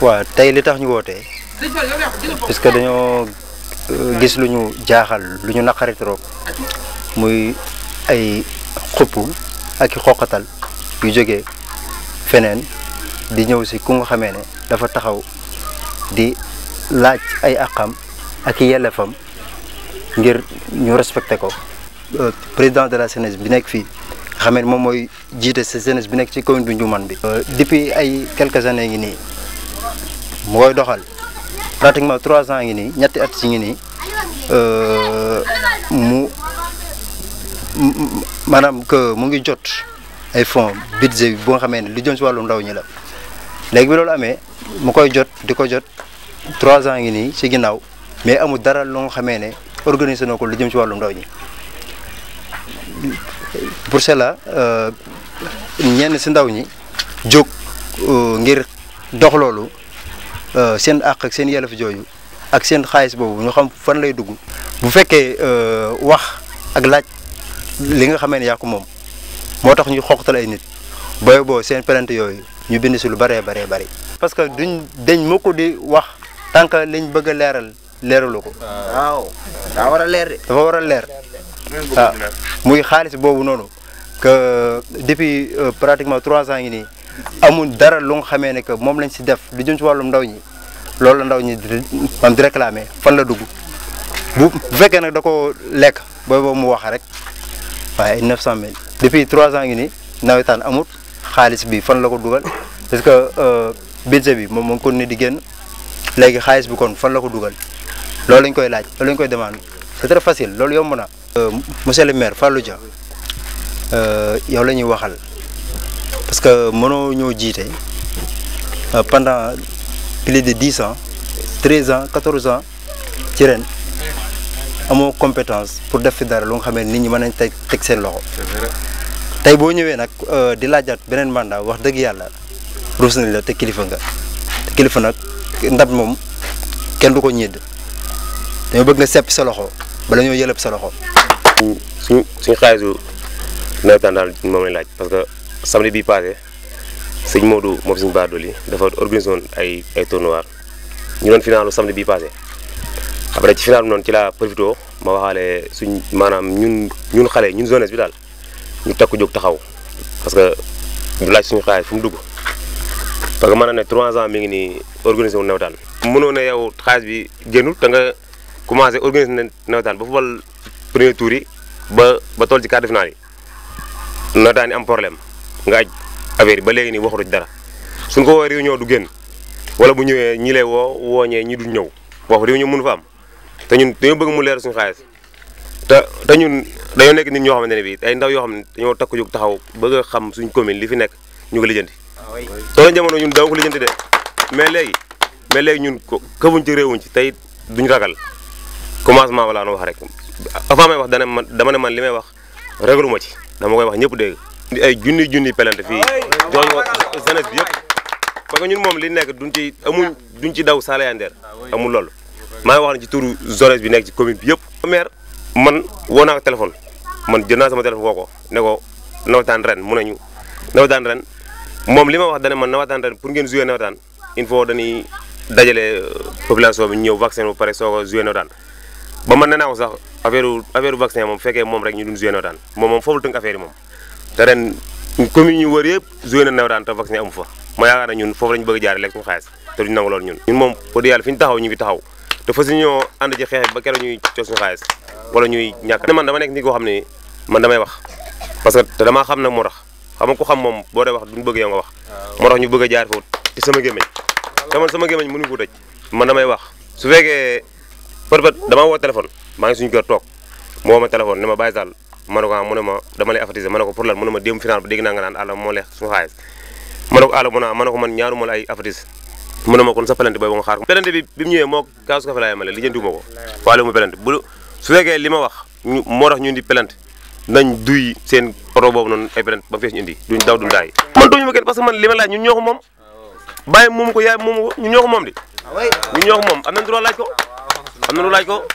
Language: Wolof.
waaw tey li tax ñu wootee parce que dañoo euh, gis lu ñu jaaxal lu ñu naqari trop muy ay xupp ak i xoqatal yu jóge feneen di ñëw si ku nga xamee ne dafa taxaw di laaj ay àqam ak i ngir ñu respecté ko. Euh, président de la jeunesse bi nekk fii nga xam ne moom mooy jiite sa jeunesse bi nekk ci commune bu Ndioumane bi. Euh, depuis ay quelques années ngi nii. mu koy doxal pratiquement trois ans ngi nii ñetti at si ngi nii euh, mu maanaam que mu ngi jot ay fonds budget bi boo xamee ne lu jëm si wàllu ndaw ñi la léegi bi loolu amee mu koy jot di ko jot trois ans ngi nii si ginnaaw mais amul dara lu nga xamee ne organiser na ko lu jëm si wàllu ndaw ñi pour cela euh, ñenn si ndaw ñi jóg euh, ngir dox loolu Euh, seen àq seen yelef jooju ak seen xaalis boobu ñu xam fan lay dugg bu fekkee euh, wax ak laaj li nga xamee ne yaa moom moo tax ñu xoqtal ay nit booy boo seen plainte yooyu ñu bind si lu bëree baree bëri parce que duñ dañ ma di wax tant que liñ bëgg a leeral leeralu ko daa war a leer de dafa war a leer ah, muy xaalis boobu noonu que depuis euh, pratiquement trois ans yi nii amul dara lu nga xamee ne que moom lañ si def lu jëm si wàllum ndaw ñi loolu la ndaw ñi di maanaam réclamer fan la dugg bu bu fekkee nag da ko lekk booy boobu mu wax rek waaye neuf cent mille depuis trois ans ngi ni nawetaan amut xaalis bi fan la ko dugal parce que euh, budget bi moom moo kon ni di génn léegi xaalis bi kon fan la ko dugal loolu lañ koy laaj loolu lañ koy demande c'est très facile loolu yomb na euh, monsieur le maire lu Dia euh, yow la ñuy waxal parce que mënoo ñëw jiite euh, pendant plus de dix ans treize ans quatorze ans ci ren amoo compétence pour def fi dara lu nga xam ne nit ñi mën nañ teg teg seen loxo. tey boo ñëwee nag euh, di laajaat beneen mandat wax dëgg yàlla ruus nañ la te kilifa nga kilifa nag ndab moom kenn du ko ñedd dañoo bëgg nga sepp sa loxo bala ñoo yëlëb sa loxo. suñu suñu xaalisu nawetaan daal moom laaj samedi bi passé sëñ Modou moom sëñ Bara Dolly dafa organisé woon ay ay tournois ñu doon finaalu samedi bi passé après ci final bi noonu ci laa profité ma waxaale suñ maanaam ñun ñun xale ñun jeunesse bi daal ñu takku jóg taxaw parce que du laaj suñu fu mu dugg parce que mën na ne trois ans mi ngi nii organisé wu nawetaan mënoo ne yow xaalis bi génnul te nga commencé organisé na nawetaan ba fubal premier tour yi ba ba toll ci quart de finale yi nawetaan yi am problème nga aj affaire yi ba léegi nii waxatuñ dara suñ ko woo réunion du génn wala bu ñëwee ñi lay woo wooñee ñi du ñëw wax réunion mënu fa am te ñun dañoo bëgg mu leer suñu xaalis te te ñun dañoo nekk nit ñoo xamante ne bii ay ndaw yoo xam ne dañoo takku jóg taxaw bëgg xam suñ commune li fi nekk ñu ko lijjanti toola jamono ñun daw ko lijjanti de mais léegi mais léegi ñun këfuñ ci réewuñ ci tey duñ ragal commencement wala nu wax rek avant may wax dana man dama ne man li may wax régluma ci dama koy wax ñëpp dégg di ay junni junni pelante fii jox ko jeunesse bi yëpp parce que ñun moom li nekk duñ ci amuñ ah. duñ ci daw salayandeer ah, amul loolu maa ngi wax ne ci turu jeunesse bi nekk ci commune bi yëpp maire man woo naa ko man jël naa sama téléphone woo ko ne ko nawetaan ren mun nañu nawetaan ren moom li ma wax dane man nawetaan ren pour ngeen jouer nawetaan il faut dañuy dajale euh, population bi ñëw vaccin bu pare soo ko jouer nawetaan ba man nee naa ko sax affaire affaire vaccin moom fekkee moom rek ñu dun jouer nawetaan moom moom foofu te ren commune yu wër yëpp joué na nawetaan te vaccin amu fa ma yaakaar ne ñun foofu lañu bëgg jaare lekk suñu xaalis te duñ nangu loolu ñun ñun moom pour yàlla fi ñu taxaw ñu fi taxaw te fa suñoo ànd ci xeex ñuy coow suñu wala ñuy ñàkk man dama nekk nit koo xam ne man damay wax parce que te damaa xam ne moo tax xam nga ko xam moom boo dee wax duñ bëgg yow wax moo tax ñu bëgg a jaar foofu te sama gémmiñ te man sama gémmiñ mënuñu ko tëj man damay wax su fekkee peut-être dama woo téléphone maa ngi suñu kër toog moo ma téléphone ne ma bàyyi sall ma ne ko ah mu ne ma dama lay avertiser ma ne ko pour lan mu ne ma démb final ba dégg naa nga naan àlla moo leex suñu xaalis ma ne ko àlla mu naa ma ne ko man ñaaru ma la ay avertise mu ne ma kon sa pelante booy ba nga xaar ko pelante bi bi mu ñëwee moo kaasu kafe laay amale lijjanti ma ko waale mu pelante bu su fekkee li ma wax moo tax ñu indi pelante nañ duy seen oto boobu noonu ay pelante ba mu fees ñu indi duñ daw duñ daay man duñu ma kenn parce que man li ma laaj ñun ñoo ko moom bàyyi moomu ko yaay moomu ko ñun ñoo ko moom di ah, ñun ñoo ko moom am nañ droit laaj ko am nañ droit laaj ko